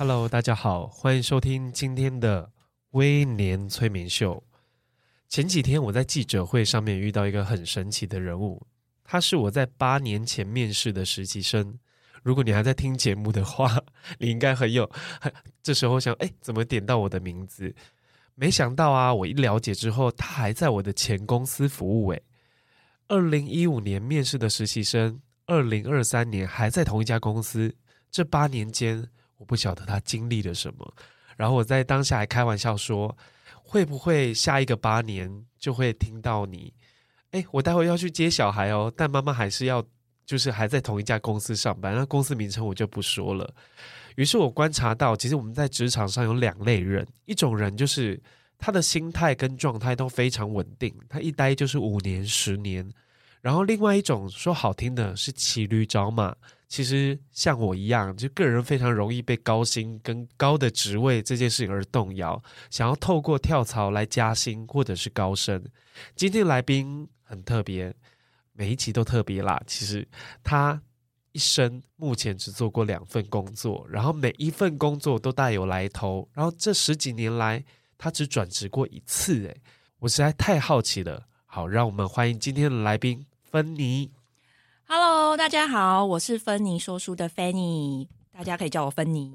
Hello，大家好，歡迎收聽今天的威廉催眠秀。前幾天我在記者會上面遇到一個很神奇的人物，他是我在八年前面試的實習生。如果你還在聽節目的話，你應該很有，這時候想，哎，怎麼點到我的名字？沒想到啊，我一了解之後，他還在我的前公司服務。哎，二零一五年面試的實習生，二零二三年還在同一家公司，這八年間。我不曉得他經歷了什麼，然後我在當下還開玩笑說，會不會下一個八年就會聽到你，哎，我待會要去接小孩哦，但媽媽還是要，就是還在同一家公司上班，那公司名稱我就不說了。於是我觀察到，其實我們在職場上有兩類人，一種人就是他的心態跟狀態都非常穩定，他一待就是五年、十年，然後另外一種說好聽的是騎驢找馬。其實像我一樣，就個人非常容易被高薪跟高的職位這件事情而動搖，想要透過跳槽來加薪或者是高升。今天來賓很特別，每一集都特別啦。其實他一生目前只做過兩份工作，然後每一份工作都大有來頭。然後這十幾年來，他只轉職過一次。哎，我實在太好奇了。好，讓我們歡迎今天的來賓芬妮。Hello，大家好，我是芬妮說書的芬妮，大家可以叫我芬妮。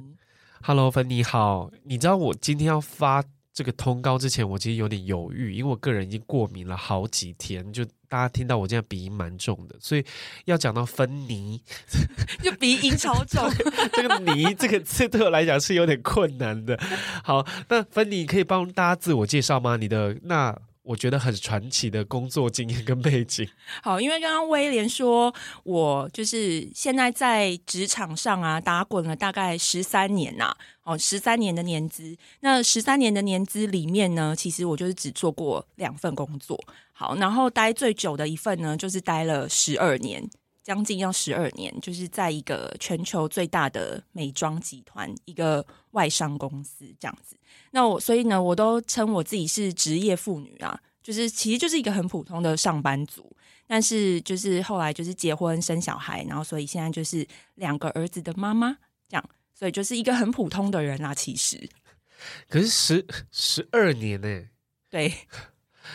Hello，芬妮好。你知道我今天要發這個通告之前，我其實有點猶豫，因為我個人已經過敏了好幾天，就大家聽到我現在鼻音蠻重的，所以要講到芬妮， 就鼻音超重， 這個“泥”這個字對我來講是有點困難的。好，那芬妮可以幫大家自我介紹嗎？你的那。我覺得很傳奇的工作經驗跟背景。好，因為剛剛威廉說，我就是現在在職場上啊，打滾了大概十三年吶，啊，哦，十三年的年資。那十三年的年資裡面呢，其實我就是只做過兩份工作。好，然後待最久的一份呢，就是待了十二年。將近要十二年，就是在一個全球最大的美妝集團，一個外商公司這樣子。那我所以呢，我都稱我自己是職業婦女啊，就是其實就是一個很普通的上班族，但是就是後來就是結婚生小孩，然後所以現在就是兩個兒子的媽媽這樣，所以就是一個很普通的人啦、啊。其實，可是十十二年呢、欸，對。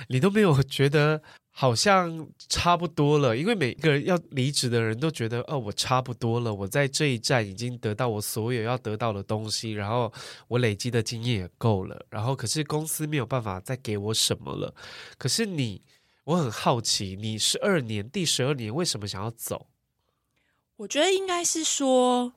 你都沒有覺得。好像差不多了，因為每個人要離職的人都覺得，哦，我差不多了，我在這一站已經得到我所有要得到的東西，然後我累積的經驗也夠了，然後可是公司沒有辦法再給我什麼了。可是你，我很好奇，你十二年，第十二年為什麼想要走？我覺得應該是說，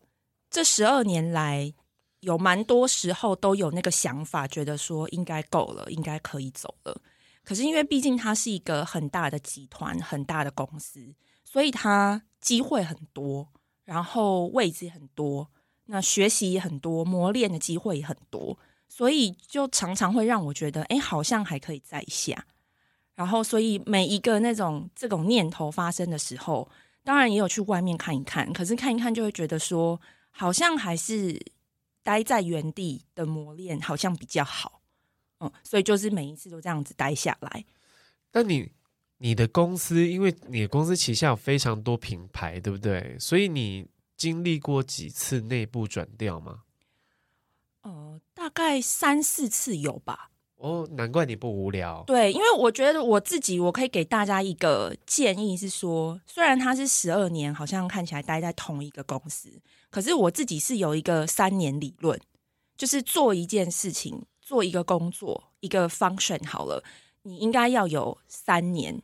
這十二年來有蠻多時候都有那個想法，覺得說應該夠了，應該可以走了。可是因為畢竟它是一個很大的集團，很大的公司，所以它機會很多，然後位置很多，那學習也很多，磨練的機會也很多，所以就常常會讓我覺得，哎、欸，好像還可以再下。然後，所以每一個那種這種念頭發生的時候，當然也有去外面看一看，可是看一看就會覺得說，好像還是待在原地的磨練好像比較好。嗯、所以就是每一次都這樣子待下來。那你你的公司，因為你的公司旗下有非常多品牌，對不對？所以你經歷過幾次內部轉調嗎？哦、呃，大概三四次有吧。哦，難怪你不無聊。對，因為我覺得我自己，我可以給大家一個建議，是說，雖然他是十二年，好像看起來待在同一個公司，可是我自己是有一個三年理論，就是做一件事情。做一個工作，一個 function 好了，你應該要有三年。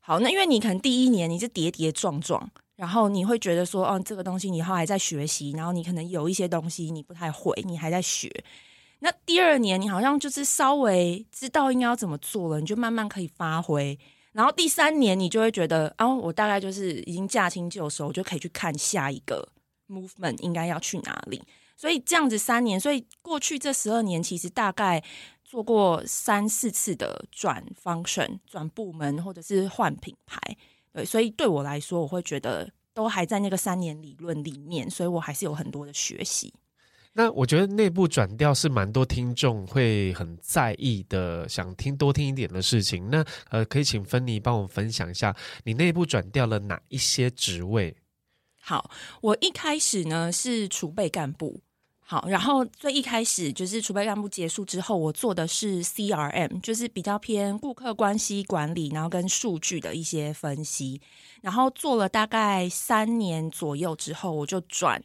好，那因為你可能第一年你是跌跌撞撞，然後你會覺得說，哦，這個東西你還在學習，然後你可能有一些東西你不太會，你還在學。那第二年你好像就是稍微知道應該要怎麼做了，你就慢慢可以發揮。然後第三年你就會覺得，啊、哦，我大概就是已經駕輕就熟，我就可以去看下一個 movement 應該要去哪裡。所以這樣子三年，所以過去這十二年，其實大概做過三四次的轉 function、轉部門，或者是換品牌。對，所以對我來說，我會覺得都還在那個三年理論裡面，所以我還是有很多的學習。那我覺得內部轉調是蠻多聽眾會很在意的，想聽多聽一點的事情。那呃，可以請芬妮幫我分享一下，你內部轉調了哪一些職位？好，我一開始呢是儲備幹部。好，然後最一開始就是儲備幹部結束之後，我做的是 CRM，就是比較偏顧客關係管理，然後跟數據的一些分析。然後做了大概三年左右之後，我就轉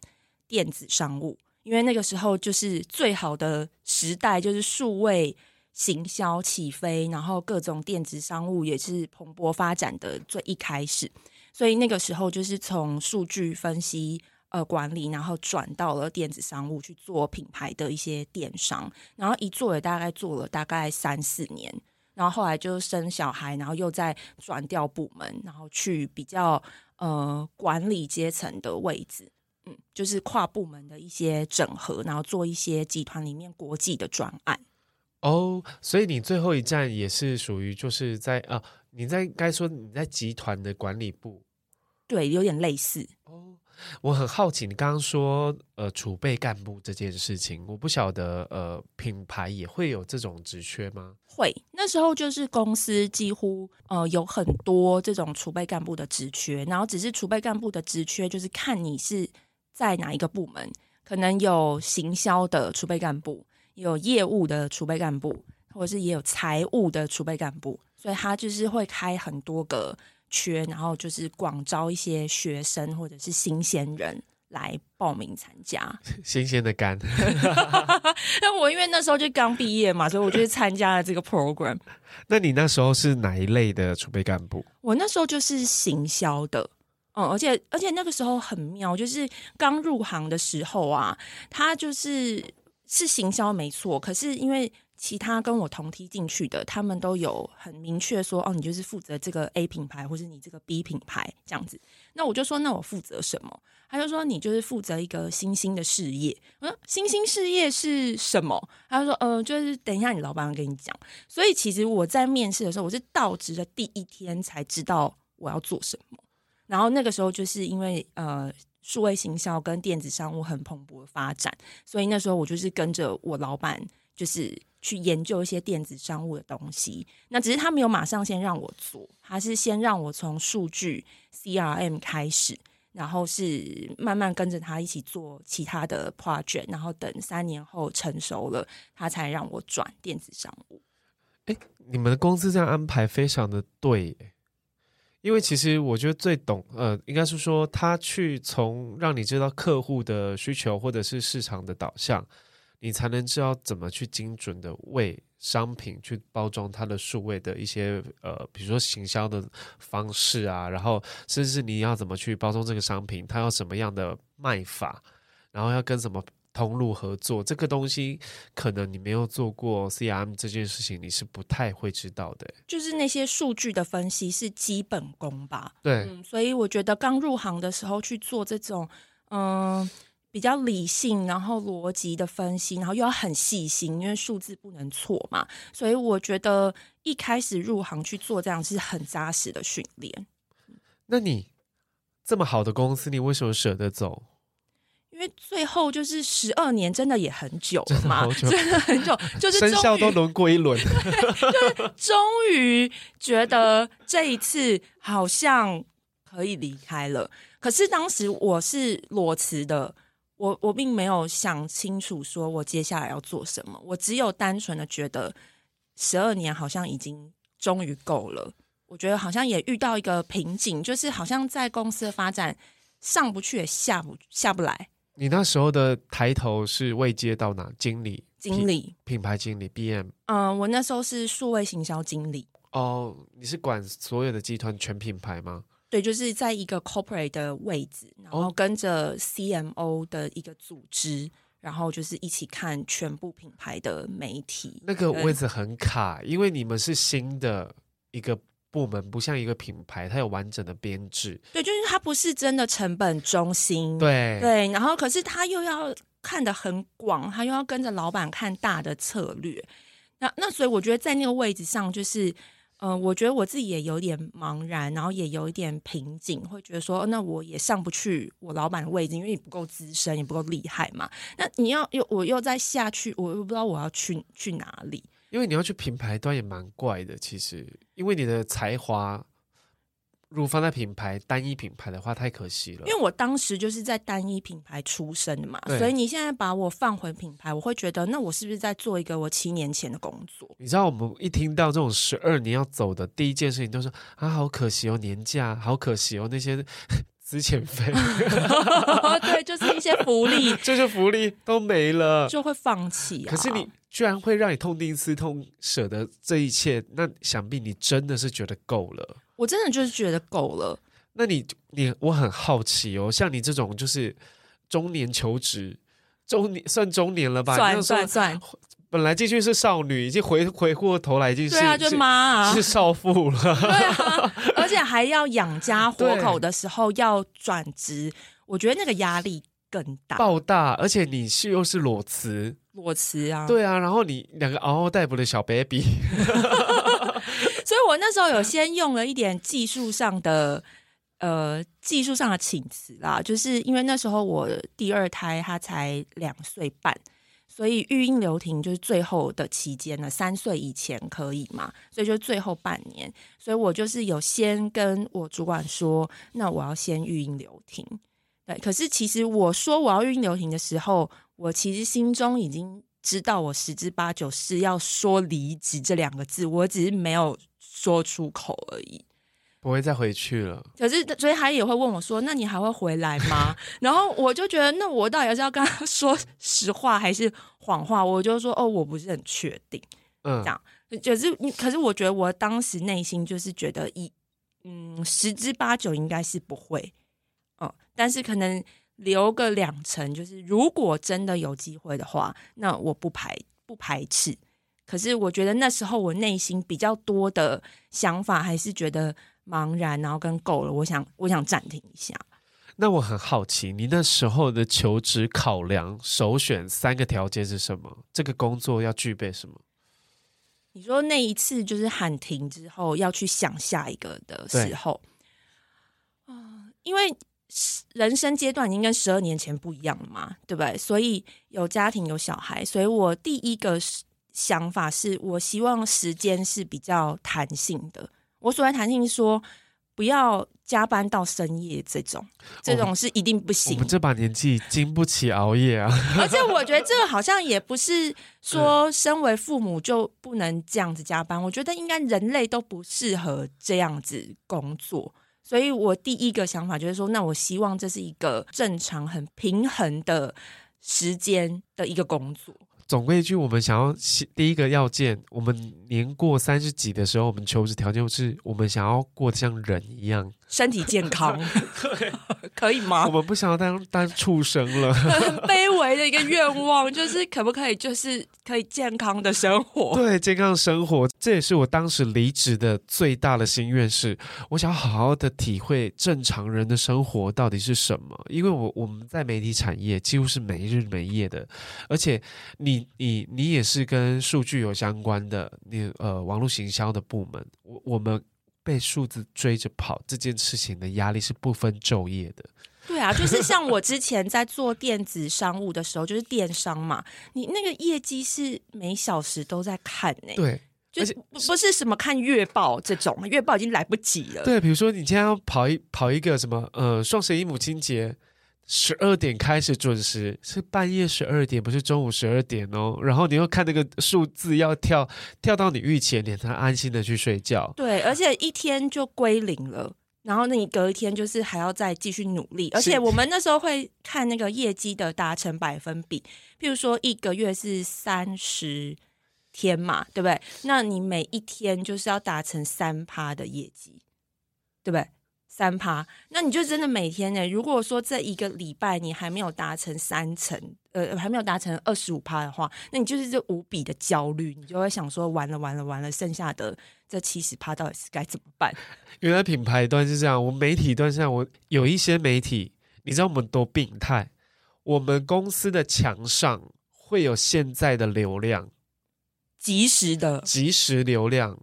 電子商務，因為那個時候就是最好的時代，就是數位行銷起飛，然後各種電子商務也是蓬勃發展的最一開始。所以那個時候就是從數據分析。呃，管理，然後轉到了電子商務去做品牌的一些電商，然後一做也大概做了大概三四年，然後後來就生小孩，然後又再轉調部門，然後去比較呃管理階層的位置，嗯，就是跨部門的一些整合，然後做一些集團裡面國際的專案。哦，所以你最後一站也是屬於就是在啊，你在剛才說你在集團的管理部，對，有點類似哦。我很好奇，你剛剛說呃儲備幹部這件事情，我不曉得呃品牌也會有這種職缺嗎？會，那時候就是公司幾乎呃有很多這種儲備幹部的職缺，然後只是儲備幹部的職缺就是看你是在哪一個部門，可能有行銷的儲備幹部，有業務的儲備幹部，或者是也有財務的儲備幹部，所以他就是會開很多個。缺，然後就是廣招一些學生或者是新鮮人來報名參加。新鮮的幹，那 我因為那時候就剛畢業嘛，所以我就是參加了這個 program。 那你那時候是哪一類的儲備幹部？我那時候就是行銷的，哦、嗯，而且而且那個時候很妙，就是剛入行的時候啊，他就是是行銷沒錯，可是因為。其他跟我同梯進去的，他們都有很明確說，哦，你就是負責這個 A 品牌，或是你這個 B 品牌這樣子。那我就說，那我負責什麼？他就說，你就是負責一個新興的事業。我說，新興事業是什麼？他就說，呃，就是等一下，你老闆跟你講。所以其實我在面試的時候，我是到職的第一天才知道我要做什麼。然後那個時候就是因為呃，數位行銷跟電子商務很蓬勃的發展，所以那時候我就是跟着我老闆，就是。去研究一些電子商務的東西，那只是他沒有馬上先讓我做，他是先讓我從數據 CRM 開始，然後是慢慢跟着他一起做其他的 project，然後等三年後成熟了，他才讓我轉電子商務。誒、欸，你們的公司這樣安排非常的對耶，因為其實我覺得最懂呃，應該是說他去從讓你知道客戶的需求或者是市場的導向。你才能知道怎麼去精準的為商品去包裝它的數位的一些呃，比如說行銷的方式啊，然後甚至你要怎麼去包裝這個商品，它要什麼樣的賣法，然後要跟什麼通路合作，這個東西可能你沒有做過 CRM 這件事情，你是不太會知道的。就是那些數據的分析是基本功吧？對，嗯，所以我覺得剛入行的時候去做這種，嗯、呃。比較理性，然後邏輯的分析，然後又要很細心，因為數字不能錯嘛。所以我覺得一開始入行去做這樣是很扎實的訓練。那你這麼好的公司，你為什麼捨得走？因為最後就是十二年，真的也很久了嘛，真的很久，就是生肖都輪過一輪，終 於，就是、覺得這一次好像可以離開了。可是當時我是裸辭的。我我並沒有想清楚，說我接下來要做什麼。我只有單純的覺得，十二年好像已經終於夠了。我覺得好像也遇到一個瓶頸，就是好像在公司的發展上不去也下不下不來。你那時候的抬頭是未接到哪經理？經理品，品牌經理 BM。嗯、呃，我那時候是數位行銷經理。哦，你是管所有的集團全品牌嗎？對，就是在一個 corporate 的位置，然後跟着 CMO 的一個組織，哦、然後就是一起看全部品牌的媒體。那個位置很卡，對因為你們是新的一個部門，不像一個品牌，它有完整的編制。對，就是它不是真的成本中心。對對，然後可是他又要看得很廣，他又要跟着老板看大的策略。那那所以我覺得在那個位置上就是。嗯、呃，我覺得我自己也有點茫然，然後也有一點瓶頸，會覺得說、哦，那我也上不去我老板的位置，因為你不夠資深，也不夠厲害嘛。那你要又我又再下去，我又不知道我要去去哪裡。因為你要去品牌端也蠻怪的，其實，因為你的才華。如果放在品牌單一品牌的話，太可惜了。因為我當時就是在單一品牌出身的嘛，對所以你現在把我放回品牌，我會覺得那我是不是在做一個我七年前的工作？你知道，我們一聽到這種十二年要走的第一件事情、就是，都是啊，好可惜哦，年假，好可惜哦，那些資遣費， 對，就是一些福利，這些 福利都沒了，就會放棄、啊。可是你居然會讓你痛定思痛，捨得這一切，好那想必你真的是覺得夠了。我真的就是覺得夠了。那你你我很好奇哦，像你這種就是中年求職，中年算中年了吧？算算算，算本來進去是少女，已經回回過頭來已經是對啊，就媽、啊、是，是少婦了。對、啊，而且還要養家糊口的時候要轉職，對我覺得那個壓力更大，爆大。而且你是又是裸辭，裸辭啊？對啊，然後你兩個嗷嗷待哺的小 baby。 所以我那時候有先用了一點技術上的，呃，技術上的請辭啦，就是因為那時候我第二胎他才兩歲半，所以育嬰留停就是最後的期間了。三歲以前可以嘛，所以就最後半年，所以我就是有先跟我主管說，那我要先育嬰留停。對，可是其實我說我要育嬰留停的時候，我其實心中已經知道我十之八九是要說離職這兩個字，我只是沒有。說出口而已，不會再回去了。可是，所以他也會問我說：“那你還會回來嗎？” 然後我就覺得，那我到底是要跟他說實話還是謊話？我就說：“哦，我不是很確定。”嗯，這樣。可是，可是可是我覺得我當時內心就是覺得，一嗯，十之八九應該是不會。哦、嗯，但是可能留個兩成，就是如果真的有機會的話，那我不排不排斥。可是我覺得那時候我內心比較多的想法還是覺得茫然，然後跟夠了。我想，我想暫停一下。那我很好奇，你那時候的求職考量首選三個條件是什麼？這個工作要具備什麼？你說那一次就是喊停之後要去想下一個的時候，啊對、呃，因為人生階段已經跟十二年前不一樣了嘛，對不對？所以有家庭有小孩，所以我第一個是。想法是我希望時間是比較彈性的。我所謂彈性，說不要加班到深夜這種，這種是一定不行。我們這把年紀經不起熬夜啊。而且我覺得這個好像也不是說身為父母就不能這樣子加班。我覺得應該人類都不適合這樣子工作。所以我第一個想法就是說，那我希望這是一個正常、很平衡的時間的一個工作。總歸一句，我們想要第一個要件，我們年過三十幾的時候，我們求職條件就是，我們想要過得像人一樣。身體健康， 對 可以嗎？我們不想要當當畜生了。 很卑微的一個願望，就是可不可以，就是可以健康的生活。 對，健康生活，這也是我當時離職的最大的心願是。是我想好好的體會正常人的生活到底是什麼，因為我我們在媒體產業幾乎是沒日沒夜的，而且你你你也是跟數據有相關的，你呃網絡行銷的部門，我我們。被數字追着跑這件事情的壓力是不分晝夜的。對啊，就是像我之前在做電子商務的時候， 就是電商嘛，你那個業績是每小時都在看誒、欸。對，就是不是什麼看月報這種，且月報已經來不及了。對，比如說你今天要跑一跑一個什麼，呃，雙十一母親節。十二點開始準時，是半夜十二點，不是中午十二點哦。然後你又看那個數字要跳跳到你預期點，你才安心的去睡覺。對，而且一天就歸零了，然後那你隔一天就是還要再繼續努力。而且我們那時候會看那個業績的達成百分比，譬如說一個月是三十天嘛，對不對？那你每一天就是要達成三趴的業績，對不對？三趴，那你就真的每天呢、欸？如果說這一個禮拜你還沒有達成三成，呃，還沒有達成二十五趴的話，那你就是這無比的焦慮，你就會想說：完了，完了，完了！剩下的這七十趴到底是該怎麼辦？原來品牌端是這樣，我媒體端是這樣。我有一些媒體，你知道我們多病態。我們公司的牆上會有現在的流量，即時的即時流量。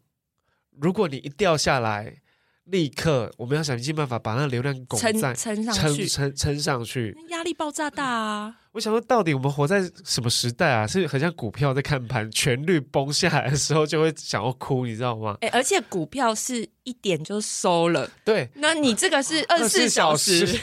如果你一掉下來，立刻，我們要想盡辦法把那流量拱在、撐、上撐、撐上去。壓力爆炸大啊！我想說，到底我們活在什麼時代啊？是很像股票在看盤，全綠崩下來的時候，就會想要哭，你知道嗎？欸，而且股票是一點就收了。對，那你這個是、嗯、二十四小時。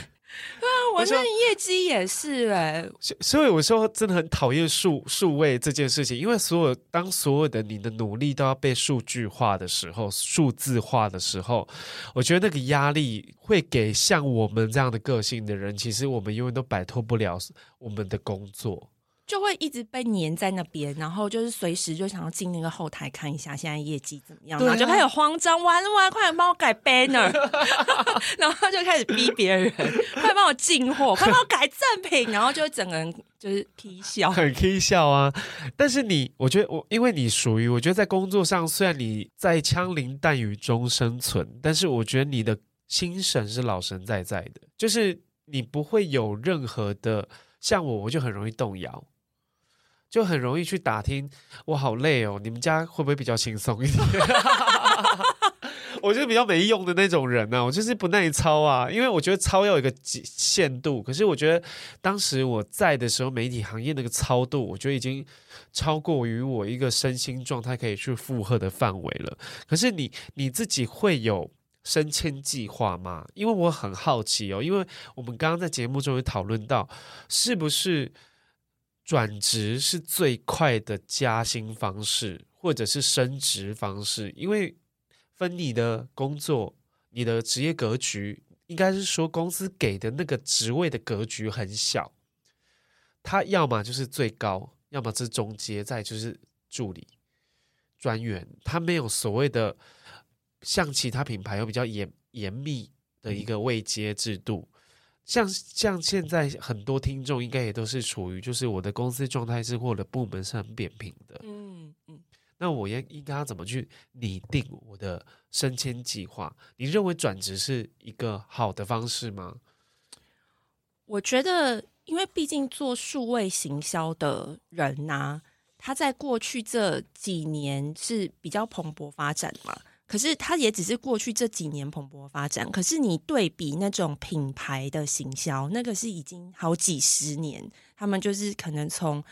對啊，我說業績也是哎，所以我說真的很討厭數數位這件事情，因為所有當所有的你的努力都要被數據化的時候，數字化的時候，我覺得那個壓力會給像我們這樣的個性的人，其實我們永遠都擺脫不了我們的工作。就會一直被粘在那邊，然後就是隨時就想要進那個後台看一下現在業績怎麼樣，對啊、然後就開始慌張，完了完了，快幫我改 Banner， 然後他就開始逼別人， 快幫我進貨，快幫我改贈品， 然後就整個人就是 k 笑，很 k 笑啊。但是你，我覺得我，因為你屬於，我覺得在工作上，雖然你在槍林彈雨中生存，但是我覺得你的心神是老神在在的，就是你不會有任何的像我，我就很容易動搖。就很容易去打聽，我好累哦，你們家會不會比較輕鬆一點？ 我就是比較沒用的那種人啊。我就是不耐操啊，因為我覺得操要有一個限度。可是我覺得當時我在的時候，媒體行業那個操度，我覺得已經超過於我一個身心狀態可以去負荷的範圍了。可是你你自己會有升遷計劃嗎？因為我很好奇哦，因為我們剛剛在節目中也討論到，是不是？轉職是最快的加薪方式，或者是升職方式，因為芬妮的工作，你的職業格局，應該是說公司給的那個職位的格局很小，它要麼就是最高，要麼是中階，再就是助理、專員，它沒有所謂的像其他品牌有比較嚴嚴密的一個位階制度。嗯像像現在很多聽眾應該也都是處於，就是我的公司狀態是或我的部門是很扁平的，嗯嗯，嗯，那我要應該要怎麼去擬定我的升遷計劃？你認為轉職是一個好的方式嗎？我覺得，因為畢竟做數位行銷的人吶、啊，他在過去這幾年是比較蓬勃發展嘛。可是它也只是過去這幾年蓬勃發展。可是你對比那種品牌的行銷，那個是已經好幾十年，他們就是可能從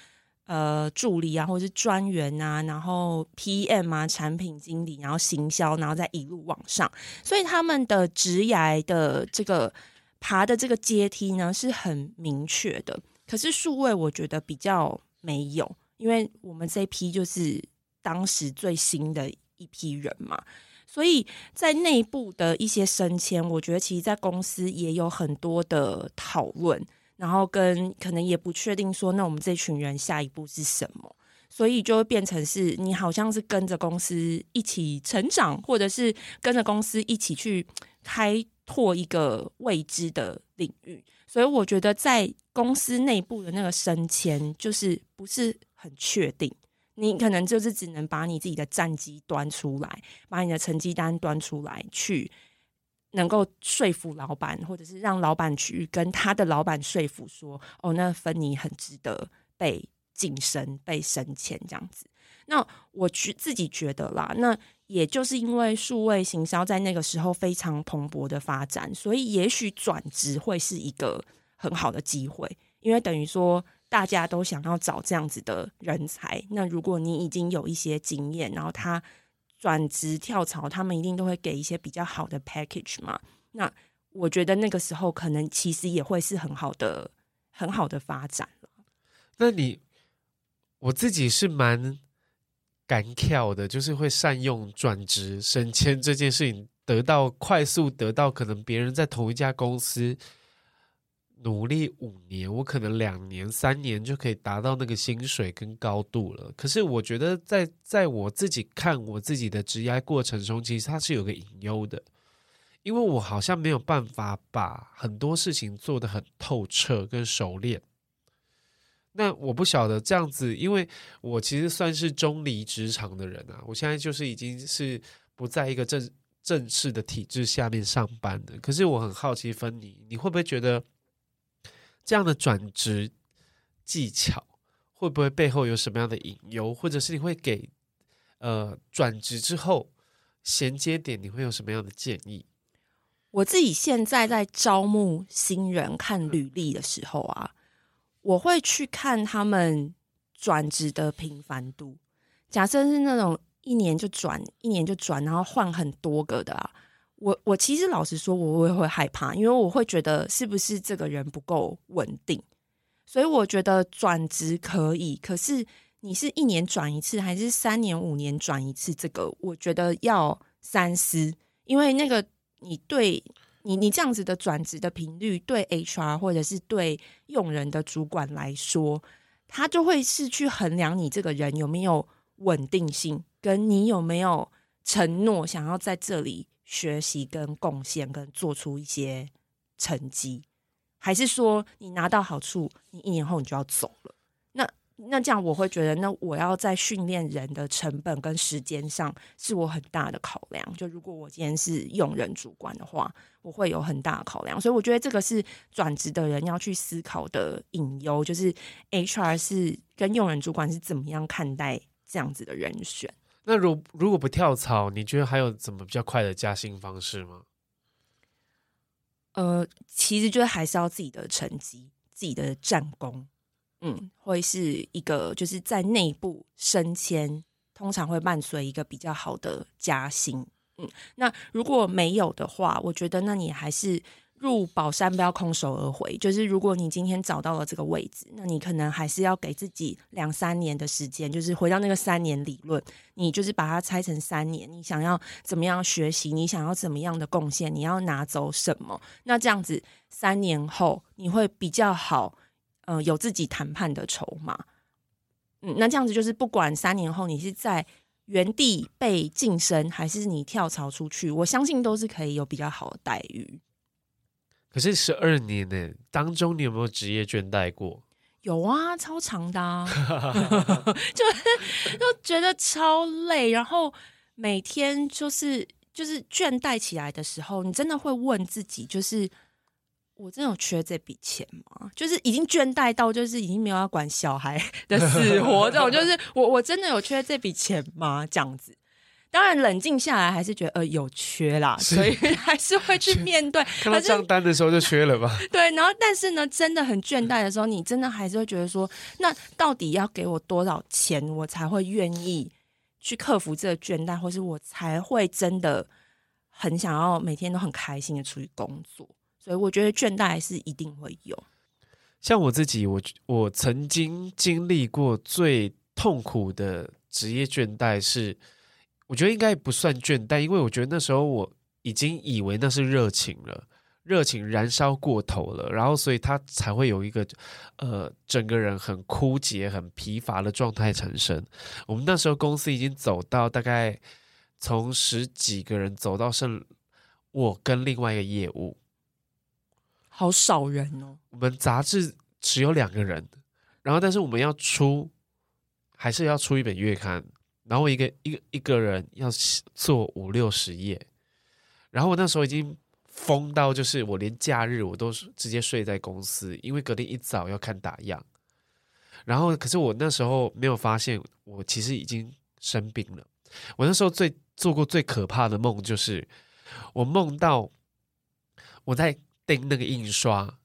呃助理啊，或者是專員啊，然後 P M 啊，產品經理，然後行銷，然後再一路往上，所以他們的職涯的這個爬的這個階梯呢是很明確的。可是數位，我覺得比較沒有，因為我們這批就是當時最新的一批人嘛。所以在內部的一些升遷，我覺得其實在公司也有很多的討論，然後跟可能也不確定說，那我們這群人下一步是什麼，所以就會變成是你好像是跟着公司一起成長，或者是跟着公司一起去開拓一個未知的領域。所以我覺得在公司內部的那個升遷，就是不是很確定。你可能就是只能把你自己的戰績端出來，把你的成績單端出來，去能夠說服老板，或者是讓老板去跟他的老板說服說，說哦，那芬妮很值得被晉升、被升遷這樣子。那我覺自己覺得啦，那也就是因為數位行銷在那個時候非常蓬勃的發展，所以也許轉職會是一個很好的機會，因為等於說。大家都想要找這樣子的人才，那如果你已經有一些經驗，然後他轉職跳槽，他們一定都會給一些比較好的 package 嘛。那我覺得那個時候可能其實也會是很好的、很好的發展。那你我自己是蠻敢跳的，就是會善用轉職、升遷這件事情，得到快速得到，可能別人在同一家公司。努力五年，我可能兩年、三年就可以達到那個薪水跟高度了。可是我覺得在，在在我自己看我自己的職業過程中，其實它是有個隱憂的，因為我好像沒有辦法把很多事情做得很透徹跟熟練。那我不曉得這樣子，因為我其實算是中離職場的人啊。我現在就是已經是不在一個正正式的體制下面上班的。可是我很好奇，芬妮，你會不會覺得？這樣的轉職技巧會不會背後有什麼樣的隱憂？或者是你會給呃轉職之後銜接點，你會有什麼樣的建議？我自己現在在招募新人看履歷的時候啊，我會去看他們轉職的頻繁度。假設是那種一年就轉，一年就轉，然後換很多個的啊。我我其實老實說，我我也會害怕，因為我會覺得是不是這個人不夠穩定。所以我覺得轉職可以，可是你是一年轉一次，還是三年、五年轉一次？這個我覺得要三思，因為那個你對你你這樣子的轉職的頻率，對 HR 或者是對用人的主管來說，他就會是去衡量你這個人有沒有穩定性，跟你有沒有承諾想要在這裡，學習跟貢獻跟做出一些成績，還是說你拿到好處，你一年後你就要走了？那那這樣我會覺得，那我要在訓練人的成本跟時間上是我很大的考量。就如果我今天是用人主管的話，我會有很大的考量。所以我覺得這個是轉職的人要去思考的隱憂，就是 HR 是跟用人主管是怎麼樣看待這樣子的人選。那如如果不跳槽，你覺得還有怎麼比較快的加薪方式嗎？呃，其實就是還是要自己的成績、自己的戰功，嗯，會是一個就是在內部升遷，通常會伴隨一個比較好的加薪，嗯，嗯。那如果沒有的話，我覺得那你還是。入寶山不要空手而回，就是如果你今天找到了這個位置，那你可能還是要給自己兩三年的時間，就是回到那個三年理論，你就是把它拆成三年，你想要怎麼樣學習，你想要怎麼樣的貢獻，你要拿走什麼？那這樣子三年後你會比較好，嗯、呃，有自己談判的籌碼。嗯，那這樣子就是不管三年後你是在原地被晉升，還是你跳槽出去，我相信都是可以有比較好的待遇。可是十二年呢、欸，當中你有沒有職業倦怠過？有啊，超長的，啊， 就是、就覺得超累，然後每天就是就是倦怠起來的時候，你真的會問自己，就是我真的有缺這筆錢嗎？就是已經倦怠到就是已經沒有要管小孩的死活這種， 就是我我真的有缺這筆錢嗎？這樣子。當然，冷靜下來還是覺得呃有缺啦，是所以還是會去面對。看到賬單的時候就缺了吧。對，然後但是呢，真的很倦怠的時候，你真的還是會覺得說，那到底要給我多少錢，我才會願意去克服這個倦怠，或是我才會真的很想要每天都很開心的出去工作？所以我覺得倦怠是一定會有。像我自己，我我曾經經歷過最痛苦的職業倦怠是。我覺得應該不算倦怠，但因為我覺得那時候我已經以為那是熱情了，熱情燃燒過頭了，然後所以它才會有一個，呃，整個人很枯竭、很疲乏的狀態產生。我們那時候公司已經走到大概從十幾個人走到剩我跟另外一個業務，好少人哦。我們雜誌只有兩個人，然後但是我們要出還是要出一本月刊。然後我一個一個一個人要做五六十頁，然後我那時候已經瘋到，就是我連假日我都直接睡在公司，因為隔天一早要看打樣。然後，可是我那時候沒有發現，我其實已經生病了。我那時候最做過最可怕的夢，就是我夢到我在盯那個印刷，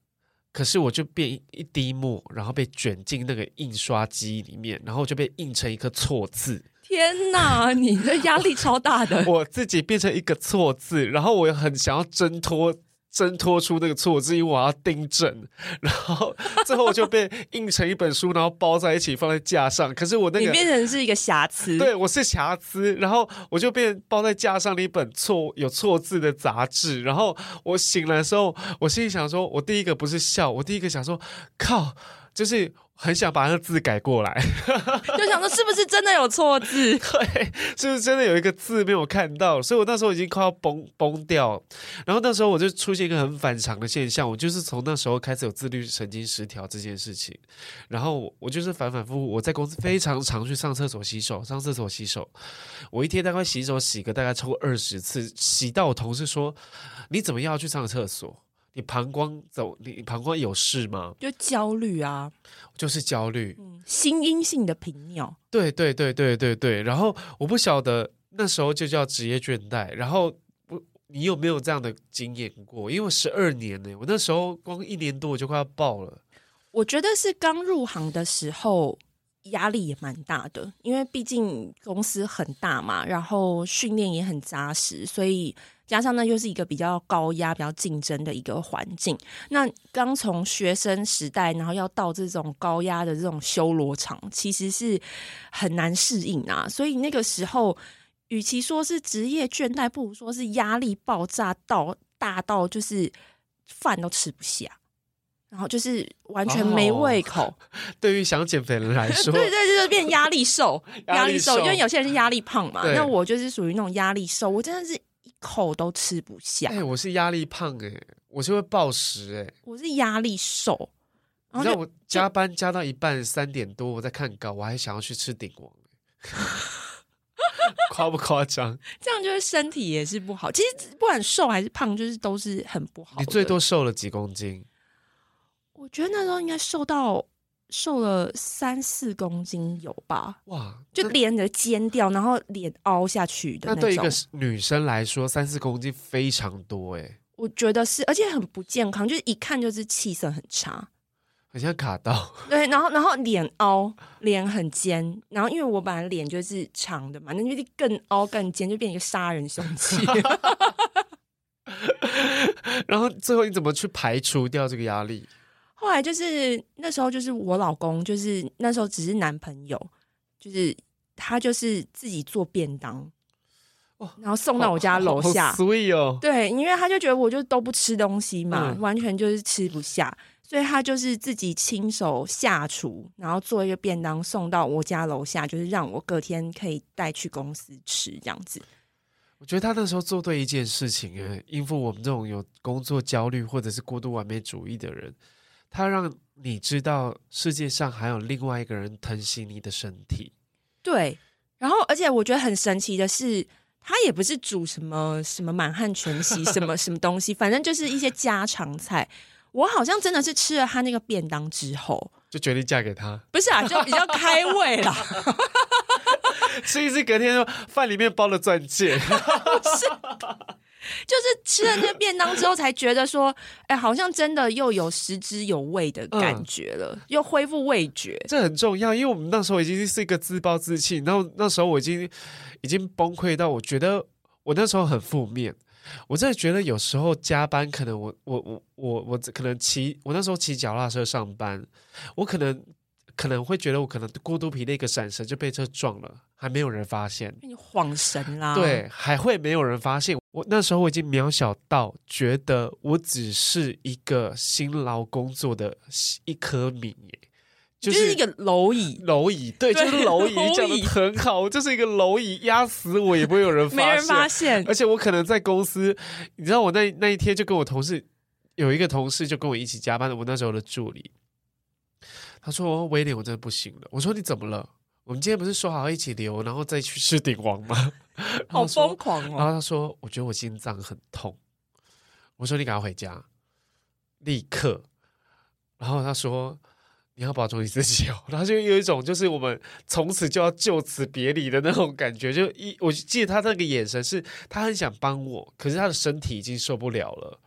可是我就變一，一滴墨，然後被捲進那個印刷機裡面，然後就被印成一個錯字。天吶，你的壓力超大的。我，我自己變成一個錯字，然後我很想要掙脫，掙脫出那個錯字，因為我要訂正。然後最後我就被印成一本書，然後包在一起放在架上。可是我那個，你變成是一個瑕疵，對我是瑕疵。然後我就被包在架上的一本錯有錯字的雜誌。然後我醒來的時候，我心裡想說：我第一個不是笑，我第一個想說，靠。就是很想把那個字改過來，就想說是不是真的有錯字？ 對，是不是真的有一個字沒有看到？所以我那時候已經快要崩崩掉。然後那時候我就出現一個很反常的現象，我就是從那時候開始有自律神經失調這件事情。然後我就是反反复复，我在公司非常常去上廁所洗手，上廁所洗手，我一天大概洗手洗個大概超過二十次，洗到我同事說：“你怎麼要去上廁所？”你膀胱走，你膀胱有事嗎？就焦慮啊，就是焦慮。嗯，心因性的頻尿。對對對對對對。然後我不曉得那時候就叫職業倦怠。然後我，你有沒有這樣的經驗過？因為我十二年呢，我那時候光一年多我就快要爆了。我覺得是剛入行的時候。壓力也蠻大的，因為畢竟公司很大嘛，然後訓練也很紮實，所以加上那又是一個比較高壓、比較競爭的一個環境。那剛從學生時代，然後要到這種高壓的這種修羅場，其實是很難適應啊。所以那個時候，與其說是職業倦怠，不如說是壓力爆炸到大到就是飯都吃不下。然後就是完全沒胃口，哦、對於想減肥的人來說， 對，對對，就是、變壓力瘦， 壓力瘦，因為有些人是壓力胖嘛。對那我就是屬於那種壓力瘦，我真的是一口都吃不下。哎、欸，我是壓力胖、欸，哎，我是會暴食、欸，哎，我是壓力瘦。然後你知道我加班加到一半三點多，就我在看稿，我還想要去吃鼎王、欸， 誇不誇張？ 這樣就是身體也是不好。其實不管瘦還是胖，就是都是很不好。你最多瘦了幾公斤？我覺得那時候應該瘦到瘦了三四公斤有吧？哇！就臉着尖掉，然後臉凹下去的那種。那對一個女生來說，三四公斤非常多哎。我覺得是，而且很不健康，就是一看就是氣色很差，很像卡到。對，然後然後臉凹，臉很尖，然後因為我本來臉就是長的嘛，那就是更凹更尖，就變成一個殺人凶器。 然後最後你怎麼去排除掉這個壓力？後來就是那時候，就是我老公，就是那時候只是男朋友，就是他就是自己做便當，oh, 然後送到我家樓下，所以哦，oh, oh, oh sweet oh. 對，因為他就覺得我就都不吃東西嘛，嗯、完全就是吃不下，所以他就是自己親手下廚，然後做一個便當送到我家樓下，就是讓我隔天可以帶去公司吃這樣子。我覺得他那時候做對一件事情啊，應付我們這種有工作焦慮或者是過度完美主義的人。他讓你知道世界上還有另外一個人疼惜你的身體。對，然後而且我覺得很神奇的是，他也不是煮什麼什麼滿漢全席什麼什麼東西，反正就是一些家常菜。我好像真的是吃了他那個便當之後，就決定嫁給他。不是啊，就比較開胃啦。所以是隔天說飯裡面包了鑽戒。 是。就是吃了那個便當之後，才覺得說，哎、 欸，好像真的又有食之有味的感覺了，嗯、又恢復味覺。這很重要，因為我們那時候已經是一個自暴自棄，然後那時候我已經已經崩潰到我覺得我那時候很負面。我真的覺得有時候加班，可能我我我我我可能騎我那時候騎腳踏車上班，我可能可能會覺得我可能過度疲累，一個閃神就被車撞了，還沒有人發現。你晃神啦？對，還會沒有人發現。我那時候我已經渺小到覺得我只是一個辛勞工作的一，一顆米，哎，就是一個螻蟻，螻蟻，對，對就是螻蟻，講得很好，就是一個螻蟻，壓死我也不會有人發現，沒人發現，而且我可能在公司，你知道我那那一天就跟我同事，有一個同事就跟我一起加班的，我那時候的助理，他說、哦、威廉我真的不行了，我說，你怎麼了？我們今天不是說好要一起留，然後再去吃鼎王嗎？ 好瘋狂哦！然後他說：“我覺得我心臟很痛。”我說：“你趕快回家，立刻。”然後他說：“你要保重你自己哦。”然後就有一種就是我們從此就要就此別離的那種感覺。就一，我記得他那個眼神是，他很想幫我，可是他的身體已經受不了了。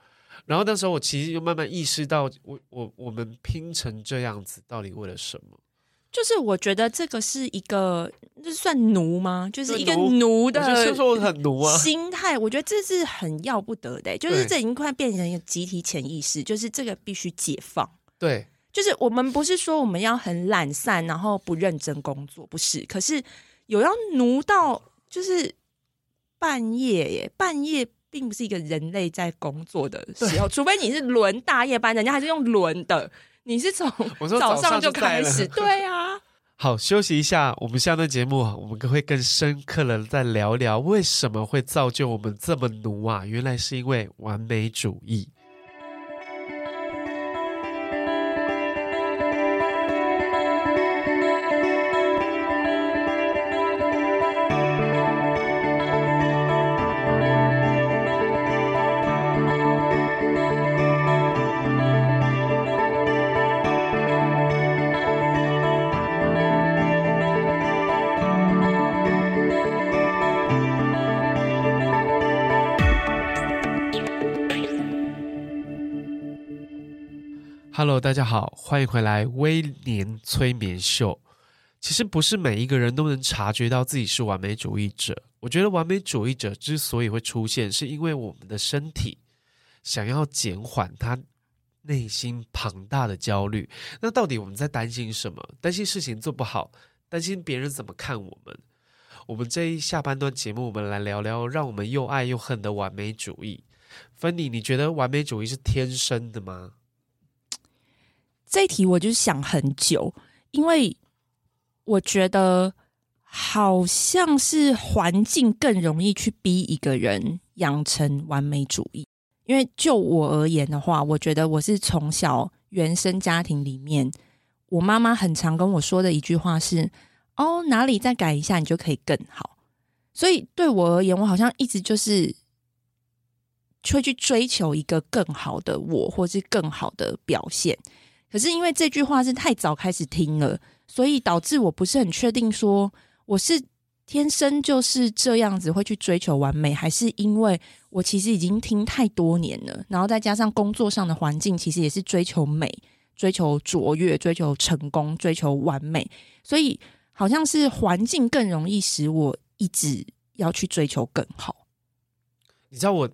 然後那時候我其實就慢慢意識到，我我我們拼成這樣子，到底為了什麼？就是我覺得這個是一個，就是算奴嗎？就是一個奴的，奴就是我很奴啊心態。我覺得這是很要不得的，欸，就是這已經快變成一個集體潛意識，就是這個必須解放。對，就是我們不是說我們要很懶散，然後不認真工作，不是。可是有要奴到就是半夜耶，欸，半夜並不是一個人類在工作的時候，對除非你是輪大夜班，人家還是用輪的。你是從早上就開始，對啊。好，休息一下，我們下段節目，我們會更深刻的再聊一聊為什麼會造就我們這麼努啊？原來是因為完美主義。大家好，歡迎回來《威廉催眠秀》。其實不是每一個人都能察覺到自己是完美主義者。我覺得完美主義者之所以會出現，是因為我們的身體想要減緩他內心龐大的焦慮。那到底我們在擔心什麼？擔心事情做不好，擔心別人怎麼看我們？我們這一下半段節目，我們來聊聊讓我們又愛又恨的完美主義。芬妮，你覺得完美主義是天生的嗎？這一題我就是想很久，因為我覺得好像是環境更容易去逼一個人養成完美主義。因為就我而言的話，我覺得我是從小原生家庭裡面，我媽媽很常跟我說的一句話是：“哦，哪裡再改一下，你就可以更好。”所以對我而言，我好像一直就是會去追求一個更好的我，或是更好的表現。可是因為這句話是太早開始聽了，所以導致我不是很確定說，我是天生就是這樣子會去追求完美，還是因為我其實已經聽太多年了，然後再加上工作上的環境，其實也是追求美、追求卓越、追求成功、追求完美，所以好像是環境更容易使我一直要去追求更好。你知道我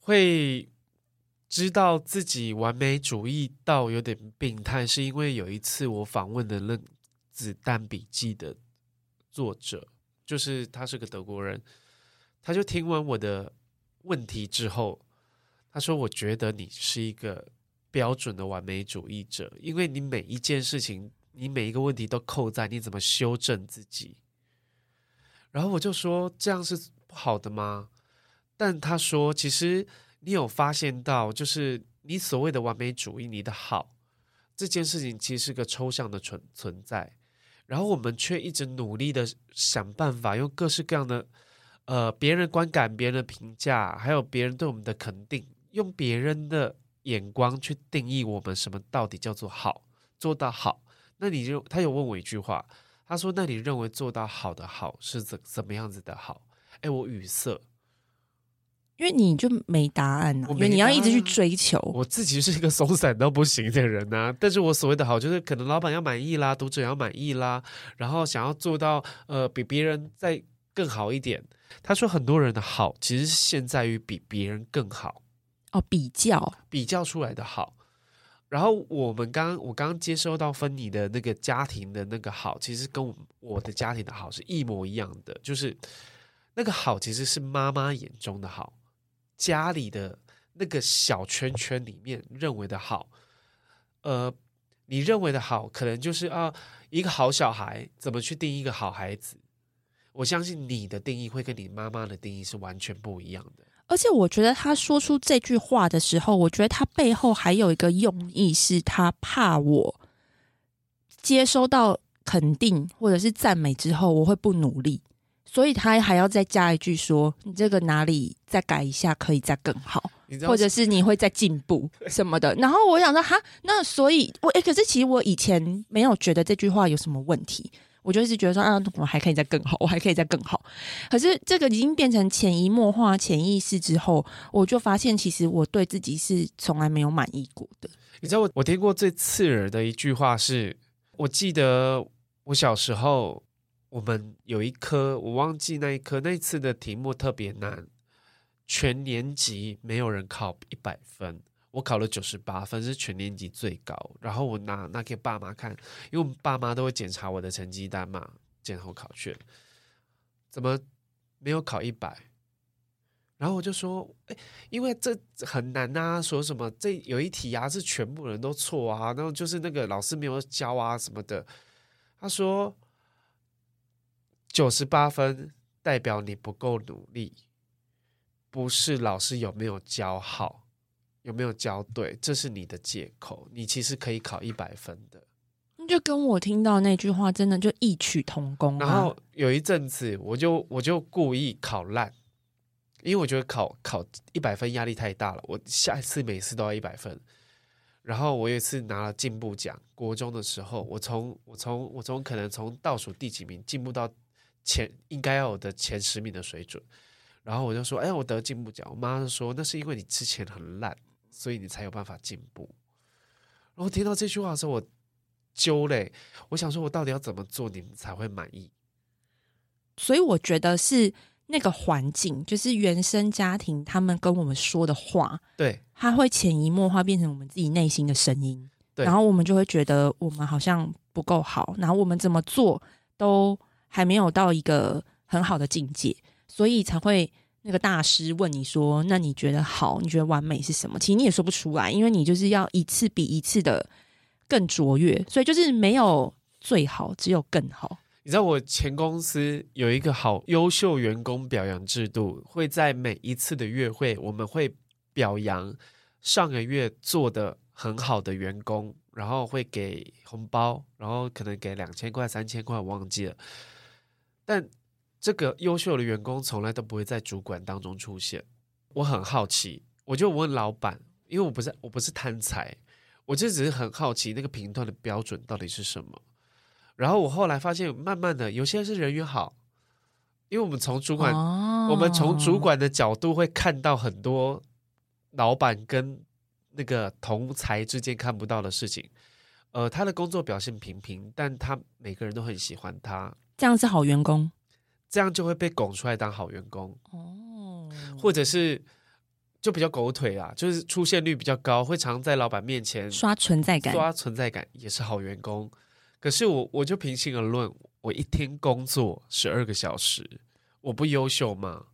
會……知道自己完美主義到有點病態，是因為有一次我訪問的那《子彈筆記》的作者，就是他是個德國人，他就聽完我的問題之後，他說：“我覺得你是一個標準的完美主義者，因為你每一件事情、你每一個問題都扣在你怎麼修正自己。”然後我就說：“這樣是不好的嗎？”但他說：“其實。”你有發現到，就是你所謂的完美主義，你的好這件事情，其實是個抽象的存存在，然後我們卻一直努力的想辦法，用各式各樣的，呃，別人觀感、別人的評價，還有別人對我們的肯定，用別人的眼光去定義我們什麼到底叫做好，做到好。那你就他有問我一句話，他說：“那你認為做到好的好是怎怎麼樣子的好？”哎，我語塞。因為你就沒答案啊，我覺得你要一直去追求。我自己是一個鬆散到不行的人吶、啊，但是我所謂的好，就是可能老板要滿意啦，讀者要滿意啦，然後想要做到呃比別人再更好一點。他說，很多人的好其實現在於比別人更好哦，比較比較出來的好。然後我們剛剛，我剛剛接收到芬妮的那個家庭的那個好，其實跟我的家庭的好是一模一樣的，就是那個好其實是媽媽眼中的好。家裡的那個小圈圈裡面認為的好，呃，你認為的好，可能就是啊、呃，一個好小孩，怎麼去定義一個好孩子？我相信你的定義會跟你媽媽的定義是完全不一樣的。而且我覺得他說出這句話的時候，我覺得他背後還有一個用意，是他怕我接收到肯定或者是讚美之後，我會不努力。所以他還要再加一句說：“你這個哪裡再改一下可以再更好，你知道或者是你會再進步什麼的。” 然後我想說：“哈，那所以我哎、欸，可是其實我以前沒有覺得這句話有什麼問題，我就是覺得說啊，我還可以再更好，我還可以再更好。可是這個已經變成潛移默化、潛意識之後，我就發現其實我對自己是從來沒有滿意過的。”你知道我，我聽過最刺耳的一句話是：我記得我小時候。我們有一科，我忘記那一科那次的題目特別難，全年級沒有人考一百分，我考了九十八分，是全年級最高。然後我拿拿給爸媽看，因為我們爸媽都會檢查我的成績單嘛，檢後考卷，怎麼沒有考一百？然後我就說，哎，因為這很難啊，說什麼這有一題啊是全部人都錯啊，然後就是那個老師沒有教啊什麼的。他說。九十八分代表你不夠努力，不是老師有沒有教好，有沒有教對，這是你的借口。你其實可以考一百分的。你就跟我聽到那句話真的就異曲同工啊。然後有一陣子，我就我就故意考爛，因為我覺得考考一百分壓力太大了。我下一次每次都要一百分。然後我有一次拿了進步獎。國中的時候我，我從我從我從可能從倒數第幾名進步到。前應該要有的前十名的水準，然後我就說：“哎、欸，我得進步獎。”我媽就說：“那是因為你之前很爛，所以你才有辦法進步。”然後聽到這句話的時候，我揪嘞，我想說：“我到底要怎麼做，你們才會滿意？”所以我覺得是那個環境，就是原生家庭，他們跟我們說的話，對，他會潛移默化變成我們自己內心的聲音，對，然後我們就會覺得我們好像不夠好，然後我們怎麼做都。還沒有到一個很好的境界，所以才會那個大師問你說：“那你覺得好？你覺得完美是什麼？”其實你也說不出來，因為你就是要一次比一次的更卓越，所以就是沒有最好，只有更好。你知道我前公司有一個好優秀員工表揚制度，會在每一次的月會，我們會表揚上個月做得很好的員工，然後會給紅包，然後可能給兩千塊、三千塊，我忘記了。但這個優秀的員工從來都不會在主管當中出現。我很好奇，我就問老闆，因為我不是我不是貪財，我就只是很好奇那個評斷的標準到底是什麼。然後我後來發現，慢慢的有些人是人緣好，因為我們從主管，oh. 我們從主管的角度會看到很多老闆跟那個同才之間看不到的事情。呃，他的工作表現平平，但他每個人都很喜歡他。這樣是好員工，這樣就會被拱出來當好員工哦，或者是就比較狗腿啊，就是出現率比較高，會常在老闆面前刷存在感，刷存在感也是好員工。可是我我就平心而論，我一天工作十二個小時，我不優秀嗎？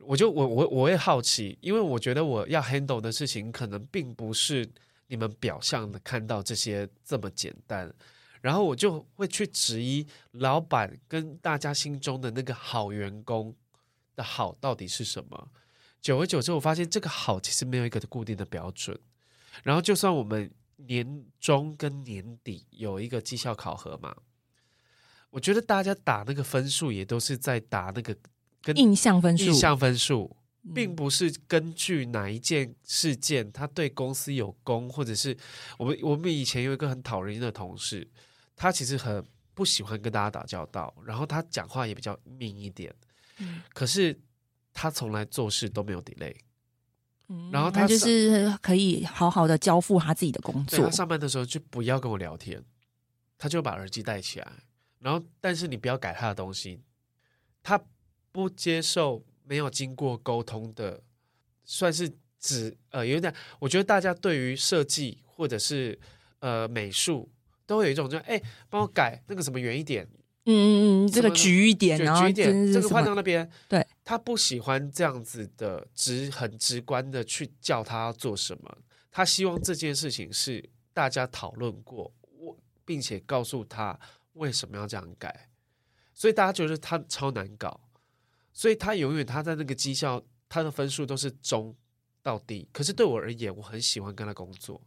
我就我我我會好奇，因為我覺得我要 handle 的事情，可能並不是你們表象的、嗯、看到這些這麼簡單。然後我就會去質疑老闆跟大家心中的那個好員工的好到底是什麼？久而久之，我發現這個好其實沒有一個固定的標準。然後，就算我們年中跟年底有一個績效考核嘛，我覺得大家打那個分數也都是在打那個跟印象分數、印象分數，並不是根據哪一件事件他對公司有功，或者是我們我們以前有一個很討人厭的同事。他其實很不喜歡跟大家打交道，然後他講話也比較明一點。嗯、可是他從來做事都沒有 delay，嗯。然後他，他就是可以好好的交付他自己的工作。所以他上班的時候就不要跟我聊天，他就把耳機戴起來。然後，但是你不要改他的東西，他不接受沒有經過溝通的，算是只呃有點。我覺得大家對於設計或者是呃美術。都有一種就，就、欸、哎，幫我改那個什麼圓一點，嗯嗯嗯，這個局一點，局一點，這個換到那邊。對，他不喜歡這樣子的直，很直觀的去叫他做什麼。他希望這件事情是大家討論過，我並且告訴他為什麼要這樣改。所以大家覺得他超難搞，所以他永遠他在那個績效，他的分數都是中到低。可是對我而言，我很喜歡跟他工作。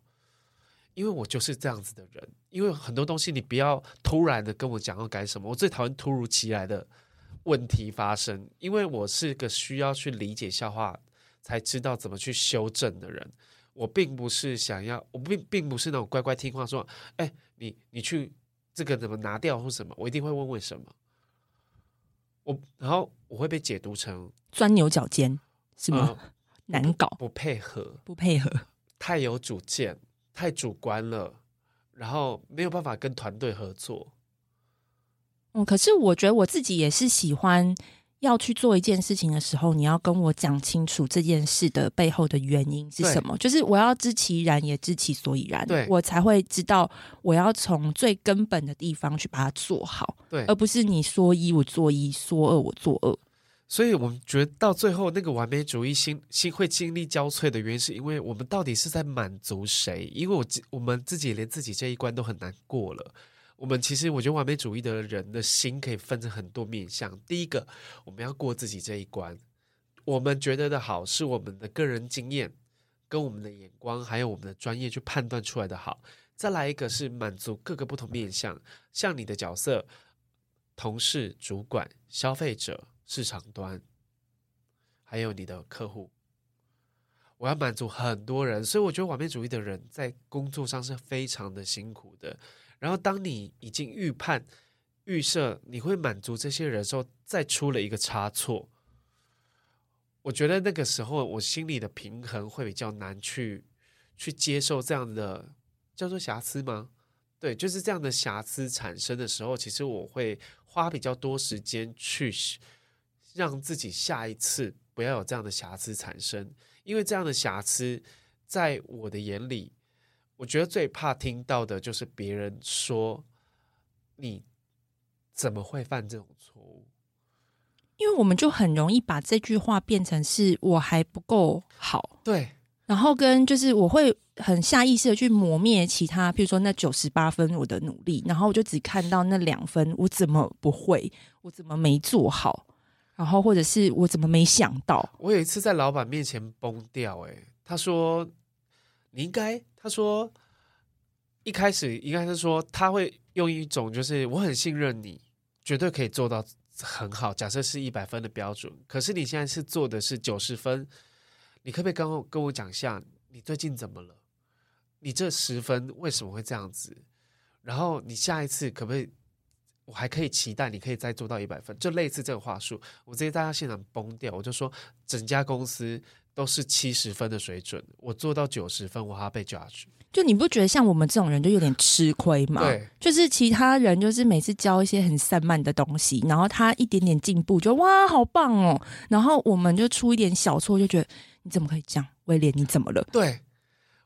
因為我就是這樣子的人，因為很多東西你不要突然的跟我講要改什麼，我最討厭突如其來的問題發生，因為我是個需要去理解消化才知道怎麼去修正的人，我並不是想要，我並並不是那種乖乖聽話說，哎，你你去這個怎麼拿掉或什麼，我一定會問為什麼，我然後我會被解讀成鑽牛角尖是嗎？難搞、不，不配合，不配合，太有主見。太主觀了，然後沒有辦法跟團隊合作。嗯，可是我覺得我自己也是喜歡要去做一件事情的時候，你要跟我講清楚這件事的背後的原因是什麼。對。就是我要知其然也知其所以然，對我才會知道我要從最根本的地方去把它做好。對。而不是你說一我做一，說二我做二。所以我們覺得到最後那個完美主義心心會精力交瘁的原因，是因為我們到底是在滿足誰？因為我自我們自己連自己這一關都很難過了。我們其實我覺得完美主義的人的心可以分成很多面向。第一個，我們要過自己這一關，我們覺得的好是我們的個人經驗、跟我們的眼光，還有我們的專業去判斷出來的好。再來一個是滿足各個不同面向，像你的角色、同事、主管、消費者。市場端，還有你的客戶，我要滿足很多人，所以我覺得完美主義的人在工作上是非常的辛苦的。然後，當你已經預判、預設你會滿足這些人的時候，再出了一個差錯，我覺得那個時候我心裡的平衡會比較難去去接受這樣的叫做瑕疵嗎？對，就是這樣的瑕疵產生的時候，其實我會花比較多時間去。讓自己下一次不要有這樣的瑕疵產生，因為這樣的瑕疵，在我的眼裡，我覺得最怕聽到的就是別人說你怎麼會犯這種錯誤？因為我們就很容易把這句話變成是我還不夠好。對，然後跟就是我會很下意識的去磨滅其他，譬如說那九十八分我的努力，然後我就只看到那兩分，我怎麼不會？我怎麼沒做好？然後或者是我怎麼沒想到？我有一次在老闆面前崩掉、欸，誒，他說你應該，他說一開始應該是說他會用一種就是我很信任你，絕對可以做到很好。假設是一百分的標準，可是你現在是做的是九十分，你可不可以跟我跟我講一下你最近怎麼了？你這十分為什麼會這樣子？然後你下一次可不可以？我還可以期待你可以再做到一百分，就類似這個話術，我直接大家現場崩掉。我就說，整家公司都是七十分的水準，我做到九十分，我還要被抓住。就你不覺得像我們這種人就有點吃虧嗎？對，就是其他人就是每次教一些很散漫的東西，然後他一點點進步就，覺得哇好棒哦，然後我們就出一點小錯，就覺得你怎麼可以這樣？威廉，你怎麼了？對。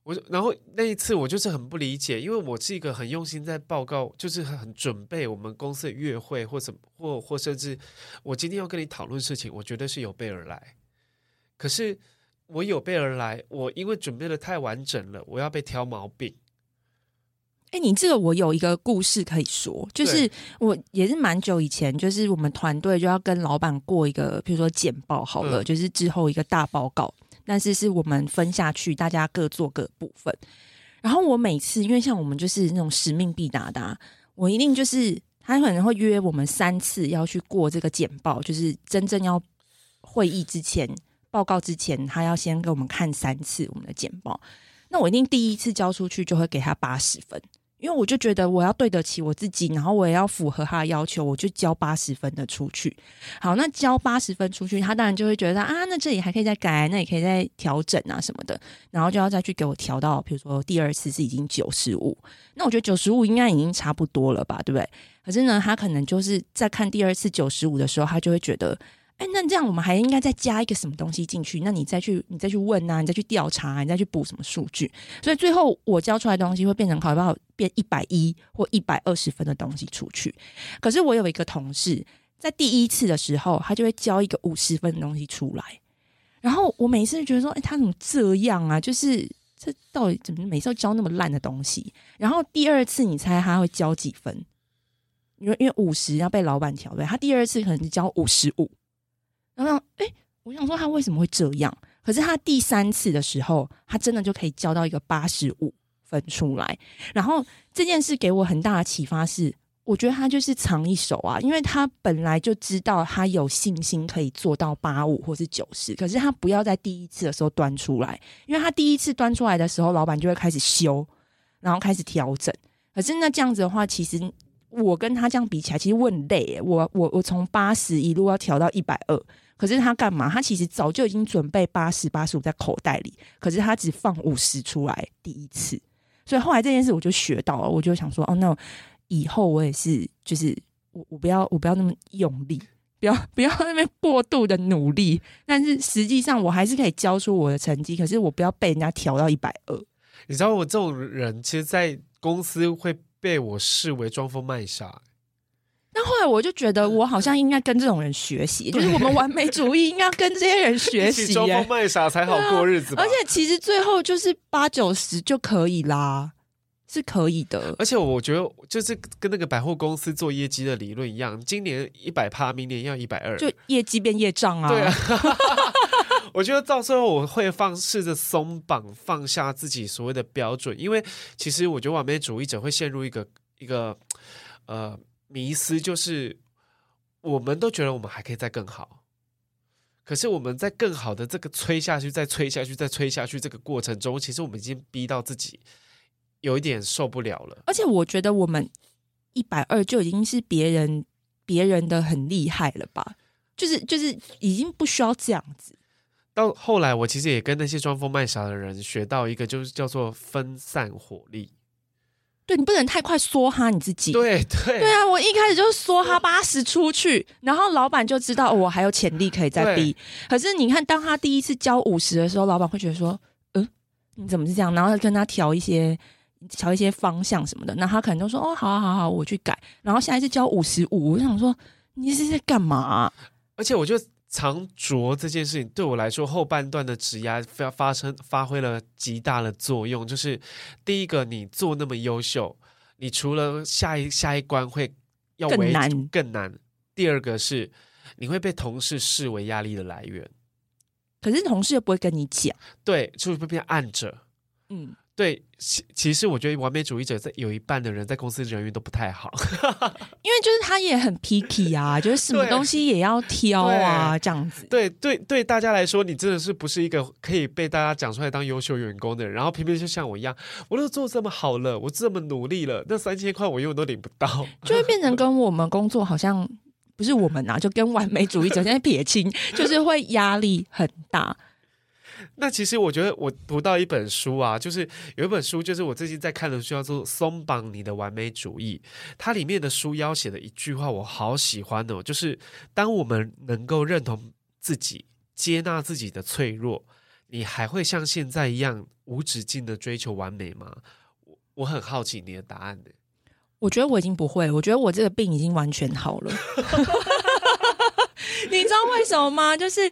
我就然後那一次我就是很不理解，因為我是一個很用心在報告，就是很準備我們公司的月會或怎麼或或甚至我今天要跟你討論事情，我絕對是有備而來。可是我有備而來，我因為準備得太完整了，我要被挑毛病。哎、欸，你這個我有一個故事可以說，就是我也是蠻久以前，就是我們團隊就要跟老闆過一個，比如說簡報好了，嗯、就是之後一個大報告。但是是我們分下去，大家各做各部分。然後我每次，因為像我們就是那種使命必達達啊，我一定就是他可能會約我們三次要去過這個簡報，就是真正要會議之前，報告之前，他要先給我們看三次我們的簡報。那我一定第一次交出去就會給他八十分。因為我就覺得我要對得起我自己，然後我也要符合他的要求，我就交八十分的出去。好，那交八十分出去，他當然就會覺得啊，那這裡還可以再改，那也可以再調整啊什麼的，然後就要再去給我調到，比如說第二次是已經九十五，那我覺得九十五應該已經差不多了吧，對不對？可是呢，他可能就是在看第二次九十五的時候，他就會覺得。哎、欸，那這樣我們還應該再加一個什麼東西進去？那你再去，你再去問啊，你再去調查啊，你再去補什麼數據？所以最後我交出來的東西會變成考不好變一百一或一百二十分的東西出去。可是我有一個同事，在第一次的時候，他就會交一個五十分的東西出來。然後我每次就覺得說，哎、欸，他怎麼這樣啊？就是這到底怎麼每次要交那麼爛的東西？然後第二次，你猜他會交幾分？因為因為五十要被老板調，對，他第二次可能就交五十五。然後，哎，我想說他為什麼會這樣？可是他第三次的時候，他真的就可以交到一個八十五分出來。然後這件事給我很大的啟發是，我覺得他就是藏一手啊，因為他本來就知道他有信心可以做到八五或是九十，可是他不要在第一次的時候端出來，因為他第一次端出來的時候，老闆就會開始修，然後開始調整。可是那這樣子的話，其實我跟他這樣比起來，其實我很累欸。我我我從八十一路要調到一百二。可是他幹嘛？他其實早就已經準備八十、八十五在口袋裡，可是他只放五十出來第一次。所以後來這件事我就學到了，我就想說，哦，那、no, 以後我也是，就是我我不要我不要那麼用力，不要不要那麼過度的努力。但是實際上我還是可以交出我的成績，可是我不要被人家調到一百二。你知道我這種人，其實，在公司會被我視為裝瘋賣傻。但後來我就覺得，我好像應該跟這種人學習，對就是我們完美主義應該跟這些人學習，哎，裝瘋賣傻才好過日子吧，啊。而且其實最後就是八九十就可以啦，是可以的。而且我覺得，就是跟那個百貨公司做業績的理論一樣，今年一百趴，明年要一百二，就業績變業障啊。對啊， 我覺得到時候我會放試着鬆綁，放下自己所謂的標準，因為其實我覺得完美主義者會陷入一個一個呃。迷思，就是，我們都覺得我們還可以再更好，可是我們在更好的這個催，下去，再催下去，再催下去這個過程中，其實我們已經逼到自己有一點受不了了。而且我覺得我們一百二就已經是別人別人的很厲害了吧？就是就是已經不需要這樣子。到後來，我其實也跟那些裝瘋賣傻的人學到一個，就是叫做分散火力。對你不能太快梭哈，你自己，對對，對，對啊，我一開始就梭哈八十出去，哦、然後老闆就知道、哦、我還有潛力可以再逼。對可是你看，當他第一次交五十的時候，老闆會覺得說：“嗯、呃，你怎麼是這樣？”然後他跟他調一些調一些方向什麼的，那他可能就說：“哦，好好好，我去改。”然後下一次交五十五，我就想說你這是在幹嘛？而且我就。藏拙這件事情對我來說，後半段的職涯發發生發揮了極大的作用。就是第一個，你做那麼優秀，你除了下一下一關會要更難，更難。第二個是，你會被同事視為壓力的來源，可是同事又不會跟你講，對，就會被按着。嗯。對，其其實我覺得完美主義者在有一半的人在公司人緣都不太好， 因為就是他也很 picky 啊，就是什麼東西也要挑啊，這樣子。對對對，對對對大家來說，你真的是不是一個可以被大家講出來當優秀員工的人，然後偏偏就像我一樣，我都做這麼好了，我這麼努力了，那三千塊我永遠都領不到， 就會變成跟我們工作好像不是我們啊，就跟完美主義者現在撇清， 就是會壓力很大。那其實我覺得我讀到一本書啊，就是有一本書，就是我最近在看的書叫做《鬆綁你的完美主義》。它裡面的書腰寫的一句話我好喜歡的，就是當我們能夠認同自己、接納自己的脆弱，你還會像現在一樣無止境的追求完美嗎？我我很好奇你的答案呢、欸。我覺得我已經不會，我覺得我這個病已經完全好了。 你知道為什麼嗎？就是。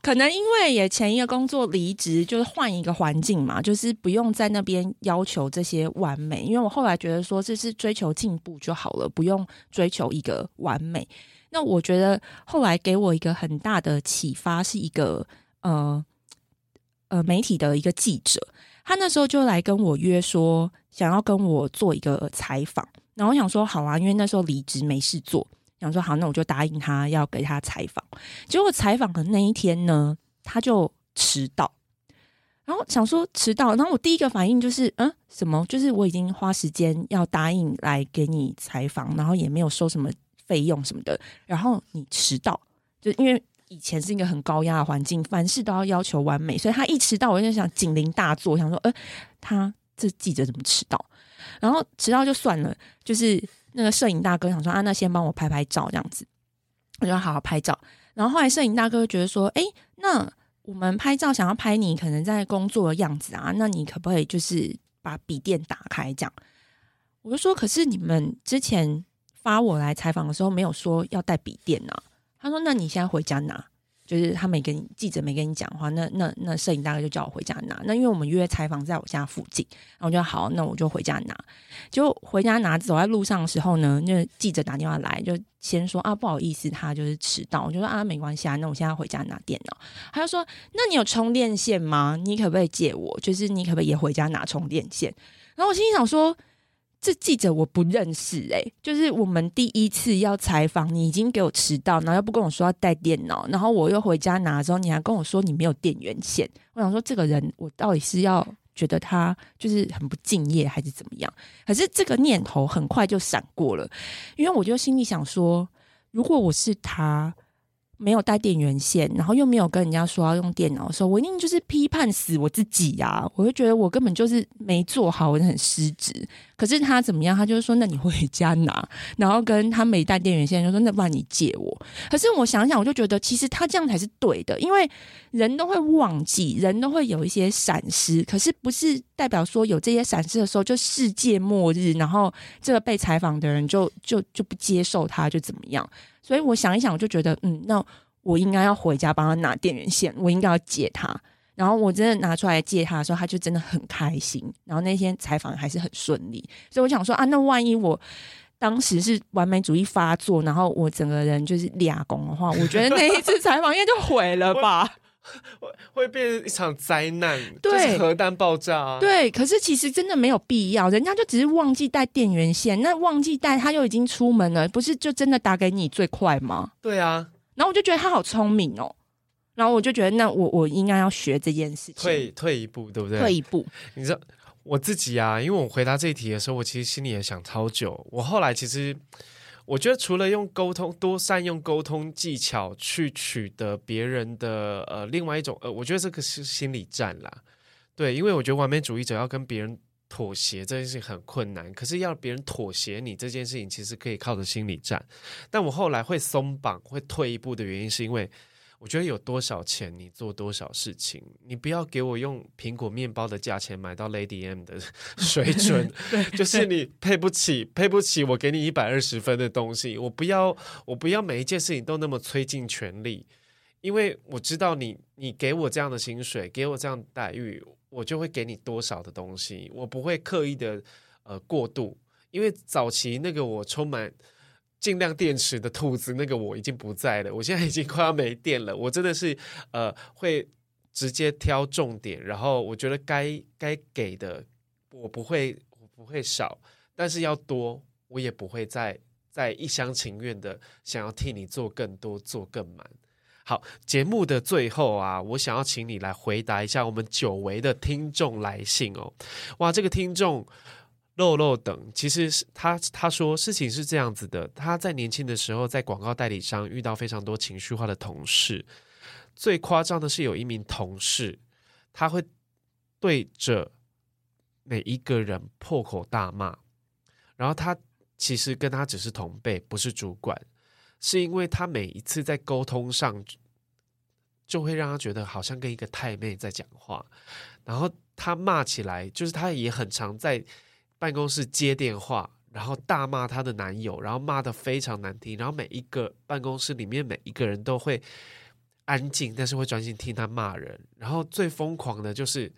可能因為也前一個工作離職，就是換一個環境嘛，就是不用在那邊要求這些完美。因為我後來覺得說，這是追求進步就好了，不用追求一個完美。那我覺得後來給我一個很大的啟發是一個呃呃媒體的一個記者，他那時候就來跟我約說，想要跟我做一個採訪。然後我想說好啊，因為那時候離職沒事做。想說好，那我就答應他要給他採訪。結果採訪的那一天呢，他就遲到。然後想說遲到，然後我第一個反應就是，嗯，什麼？就是我已經花時間要答應來給你採訪，然後也沒有收什麼費用什麼的。然後你遲到，就因為以前是一個很高壓的環境，凡事都要要求完美，所以他一遲到，我就想警鈴大作，想說，呃、嗯，他這記者怎麼遲到？然後遲到就算了，就是。那個攝影大哥想說啊，那先幫我拍拍照這樣子，我就要好好拍照。然後後來攝影大哥覺得說，哎，那我們拍照想要拍你可能在工作的樣子啊，那你可不可以就是把筆電打開？這樣我就說，可是你們之前發我來採訪的時候沒有說要帶筆電啊。他說，那你現在回家拿。就是他沒跟你，記者沒跟你講話，那那那攝影大哥就叫我回家拿。那因為我們約採訪在我家附近，然後我就好，那我就回家拿。就回家拿，走在路上的時候呢，那記者打電話來，就先說啊不好意思，他就是遲到。我就說啊沒關係啊，那我現在要回家拿電腦。他就說，那你有充電線嗎？你可不可以借我？就是你可不可以也回家拿充電線？然後我心裡想說。這記者我不認識欸，就是我們第一次要採訪，你已經給我遲到，然後又不跟我說要帶電腦，然後我又回家拿的時候，你還跟我說你沒有電源線。我想說這個人，我到底是要覺得他就是很不敬業，還是怎麼樣？可是這個念頭很快就閃過了，因為我就心裡想說，如果我是他，沒有帶電源線，然後又沒有跟人家說要用電腦的時候，我一定就是批判死我自己啊！我就覺得我根本就是沒做好，我很失職。可是他怎麼樣？他就是說，那你回家拿，然後跟他沒帶電源線，就說那不然你借我。可是我想一想，我就覺得其實他這樣才是對的，因為人都會忘記，人都會有一些閃失。可是不是代表說有這些閃失的時候就世界末日，然後這個被採訪的人就就就不接受他就怎麼樣。所以我想一想，我就覺得，嗯，那我應該要回家幫他拿電源線，我應該要借他。然後我真的拿出來借他的時候，他就真的很開心。然後那天採訪還是很順利，所以我想說啊，那萬一我當時是完美主義發作，然後我整個人就是兩光的話，我覺得那一次採訪應該就毀了吧 會，會變成一場災難，對就是核彈爆炸、啊，對。可是其實真的沒有必要，人家就只是忘記帶電源線，那忘記帶他又已經出門了，不是就真的打給你最快嗎？對啊。然後我就覺得他好聰明哦。然後我就覺得，那我我應該要學這件事情。退退一步，對不對？退一步，你知道我自己啊，因為我回答這一題的時候，我其實心裡也想超久。我後來其實我覺得，除了用溝通，多善用溝通技巧去取得別人的呃，另外一種呃，我覺得這個是心理戰啦。對，因為我覺得完美主義者要跟別人妥協這件事情很困難，可是要別人妥協你這件事情，其實可以靠着心理戰。但我後來會鬆綁、會退一步的原因，是因為。我覺得有多少錢，你做多少事情，你不要給我用蘋果麵包的價錢買到 Lady M 的水準，就是你配不起，配不起我給你一百二十分的東西。我不要，我不要每一件事情都那麼催盡全力，因為我知道你，你給我這樣的薪水，給我這樣的待遇，我就會給你多少的東西，我不會刻意的呃過度，因為早期那個我充滿。盡量電池的兔子，那個我已經不在了。我現在已經快要沒電了。我真的是，呃，會直接挑重點，然後我覺得該該給的，我不會，我不會少，但是要多，我也不會再再一廂情願的想要替你做更多，做更滿。好，節目的最後啊，我想要請你來回答一下我們久違的聽眾來信哦。哇，這個聽眾。肉肉等，其實是他他說，事情是這樣子的。他在年輕的時候，在廣告代理商，遇到非常多情緒化的同事，最誇張的是有一名同事，他會對着每一個人破口大罵。然後他其實跟他只是同輩，不是主管，是因為他每一次在溝通上，就會讓他覺得好像跟一個太妹在講話。然後他罵起來，就是他也很常在。辦公室接電話，然後大罵她的男友，然後罵得非常難聽，然後每一個辦公室裡面每一個人都會安靜，但是會專心聽她罵人。然後最瘋狂的就是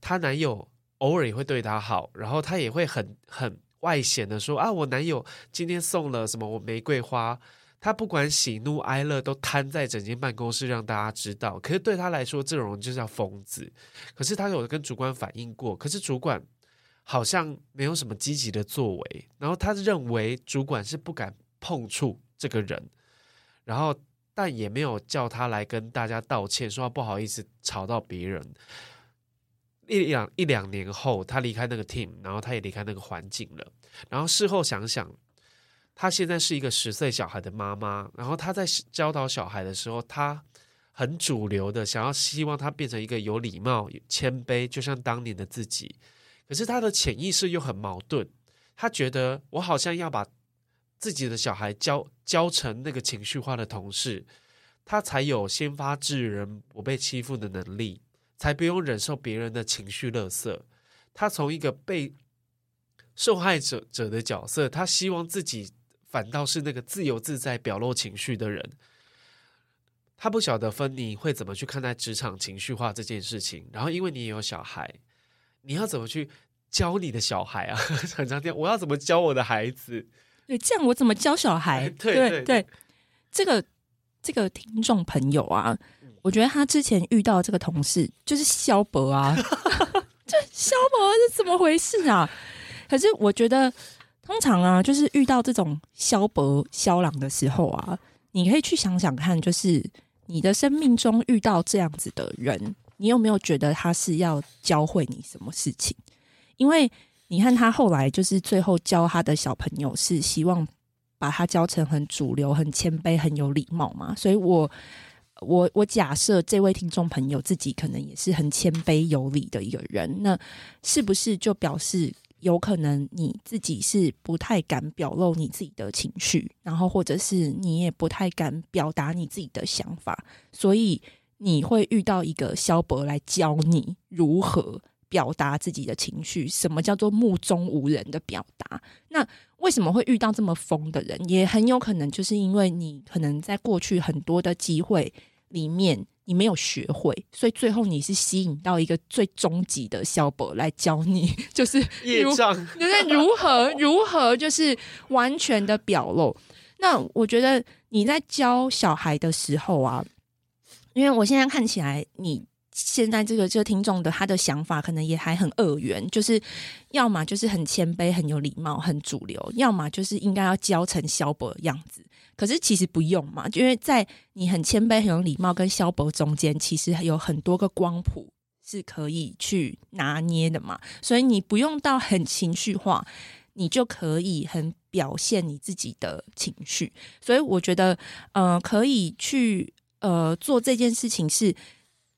她男友偶爾也會對她好，然後她也會很很外顯的說啊，我男友今天送了什麼我玫瑰花。她不管喜怒哀樂都攤在整間辦公室讓大家知道。可是對她來說，這種人就叫瘋子。可是她有跟主管反映過，可是主管。好像沒有什麼積極的作為，然後他認為主管是不敢碰觸這個人，然後但也沒有叫他來跟大家道歉，說他不好意思吵到別人。一兩一兩年後，他離開那個 team，然後他也離開那個環境了。然後事後想想，他現在是一個十歲小孩的媽媽，然後他在教導小孩的時候，他很主流的想要希望他變成一個有禮貌、有謙卑，就像當年的自己。可是他的潛意識又很矛盾，他覺得我好像要把自己的小孩教教成那個情緒化的同事，他才有先發制人不被欺負的能力，才不用忍受別人的情緒勒索。他從一個被受害者者的角色，他希望自己反倒是那個自由自在表露情緒的人。他不曉得芬妮會怎麼去看待職場情緒化這件事情，然後因為你也有小孩，你要怎麼去教你的小孩啊？很常見，我要怎麼教我的孩子？對，這樣我怎麼教小孩？ 對對對，這個這個聽眾朋友啊，嗯、我覺得他之前遇到這個同事就是蕭伯啊，這 蕭伯是怎麼回事啊？ 可是我覺得，通常啊，就是遇到這種蕭伯、蕭朗的時候啊，你可以去想想看，就是你的生命中遇到這樣子的人。你有沒有覺得他是要教會你什麼事情？因為你看他後來就是最後教他的小朋友，是希望把他教成很主流、很謙卑、很有禮貌嘛？所以我，我我我假設這位聽眾朋友自己可能也是很謙卑有禮的一個人，那是不是就表示有可能你自己是不太敢表露你自己的情緒，然後或者是你也不太敢表達你自己的想法？所以。你會遇到一個蕭伯來教你如何表達自己的情緒，什麼叫做目中無人的表達？那為什麼會遇到這麼瘋的人？也很有可能就是因為你可能在過去很多的機會裡面，你沒有學會，所以最後你是吸引到一個最終極的蕭伯來教你，就是業夜障，就是如何 如何，就是完全的表露。那我覺得你在教小孩的時候啊。因為我現在看起來，你現在這個這個聽眾的他的想法可能也還很二元，就是要麼就是很謙卑、很有禮貌、很主流，要麼就是應該要教成蕭伯的樣子。可是其實不用嘛，因為在你很謙卑、很有禮貌跟蕭伯中間，其實有很多個光譜是可以去拿捏的嘛。所以你不用到很情緒化，你就可以很表現你自己的情緒。所以我覺得，呃，可以去。呃，做這件事情是，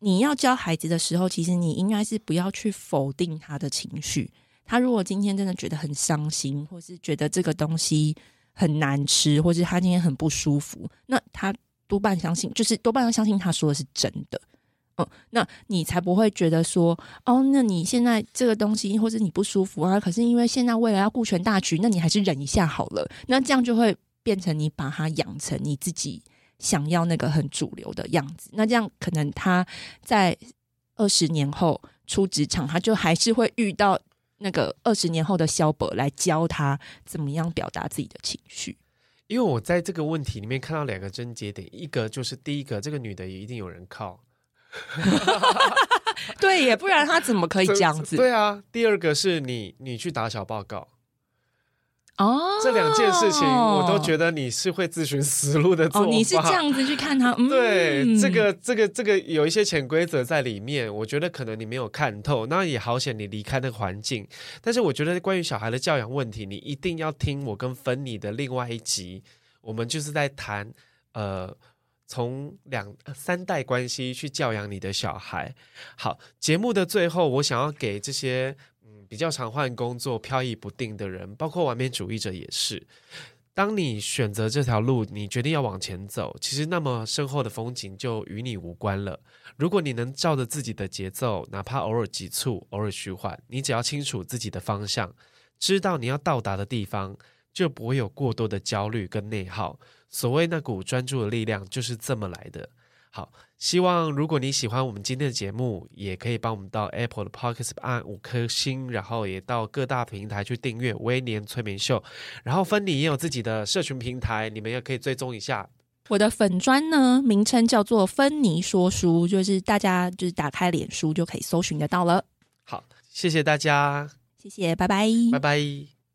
你要教孩子的時候，其實你應該是不要去否定他的情緒。他如果今天真的覺得很傷心，或是覺得這個東西很難吃，或是他今天很不舒服，那他多半相信，就是多半要相信他說的是真的。嗯，那你才不會覺得說，哦，那你現在這個東西，或是你不舒服啊，可是因為現在為了要顧全大局，那你還是忍一下好了。那這樣就會變成你把他養成你自己想要那個很主流的樣子，那這樣可能他在二十年後出職場，他就還是會遇到那個二十年後的蕭伯來教他怎麼樣表達自己的情緒。因為我在這個問題裡面看到兩個症結點，一個就是第一個，這個女的也一定有人靠， 對，也不然她怎麼可以這樣子？ 對啊，第二個是你，你去打小報告。哦，這兩件事情我都覺得你是會自尋死路的做法、哦、你是這樣子去看他？嗯、對，這個、這個、這個有一些潛規則在裡面，我覺得可能你沒有看透。那也好險你離開那個環境。但是，我覺得關於小孩的教養問題，你一定要聽我跟芬妮的另外一集，我們就是在談呃，從兩三代關係去教養你的小孩。好，節目的最後，我想要給這些。比較常換工作、飄逸不定的人，包括完美主義者也是。當你選擇這條路，你決定要往前走，其實那麼身後的風景就與你無關了。如果你能照着自己的節奏，哪怕偶爾急促、偶爾徐緩，你只要清楚自己的方向，知道你要到達的地方，就不會有過多的焦慮跟內耗。所謂那股專注的力量，就是這麼來的。好，希望如果你喜歡我們今天的節目，也可以幫我們到 Apple 的 Podcast 按五顆星，然後也到各大平台去訂閱《威廉催眠秀》。然後芬妮也有自己的社群平台，你們也可以追蹤一下。我的粉專呢，名稱叫做芬妮說書，就是大家就是打開臉書就可以搜尋得到了。好，謝謝大家，謝謝，拜拜，拜拜。